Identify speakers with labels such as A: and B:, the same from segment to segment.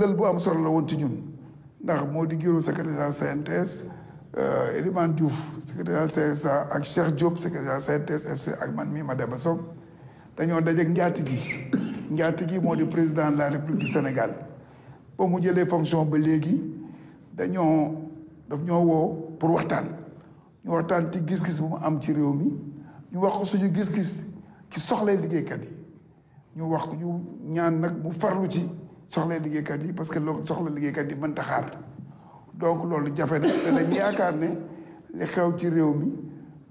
A: lël bu am solo la woon ci ñun ndax moo di giroon secrétaire CNTS euh, Elimane Diouf secrétaire ak Cheikh Diop secrétaire CNTS ak man mii Mademba Sock dañoo daje ak gi njaati gi moo di président la République du Sénégal ba mu jëlee fonction ba léegi dañoo daf ñoo woo pour waxtaan ñu waxtaan ci gis-gis bu mu am ci réew mi ñu wax ko suñu gis-gis ci soxlay liggéeykat yi ñu wax ñu ñaan nag mu farlu ci soxla liggéeykat yi parce que loolu soxla liggéeykat yi mënta xaar donc loolu jafe na te dañuy yaakaar ne li xew ci réew mi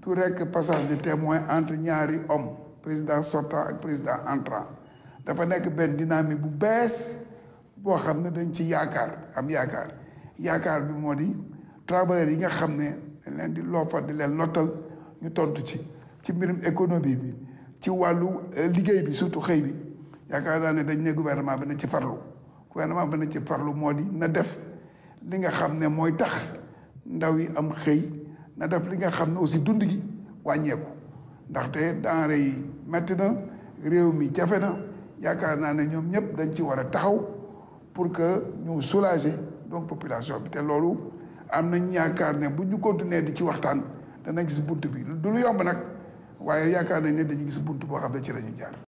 A: du rekk passage de témoin entre ñaari homme président sortant ak président entrant dafa nekk benn dynamique bu bees boo xam ne dañ ci yaakaar am yaakaar yaakaar bi moo di travailleurs yi nga xam ne dañ leen di loppa di leen lottal ñu tontu ci ci mbirum économie bi ci wàllu euh, liggéey bi surtout xëy bi yaakaar naa ne dañ ne gouvernement bi na ci farlu gouvernement bi na ci farlu moo di na def li nga xam ne mooy tax ndaw yi am xëy na def li nga xam ne aussi dund gi wàññeeku ndaxte denrée yi metti na réew mi jafe na yaakaar naa ne ñoom ñëpp dañ ci war a taxaw pour que ñu soulager donc population bi te loolu am nañ yaakaar ne bu ñu continuer di ci waxtaan dana gis bunt bi du lu yomb nag waaye yaakaar nañ ne dañu gis bunt boo xam ne ci la ñu jaar.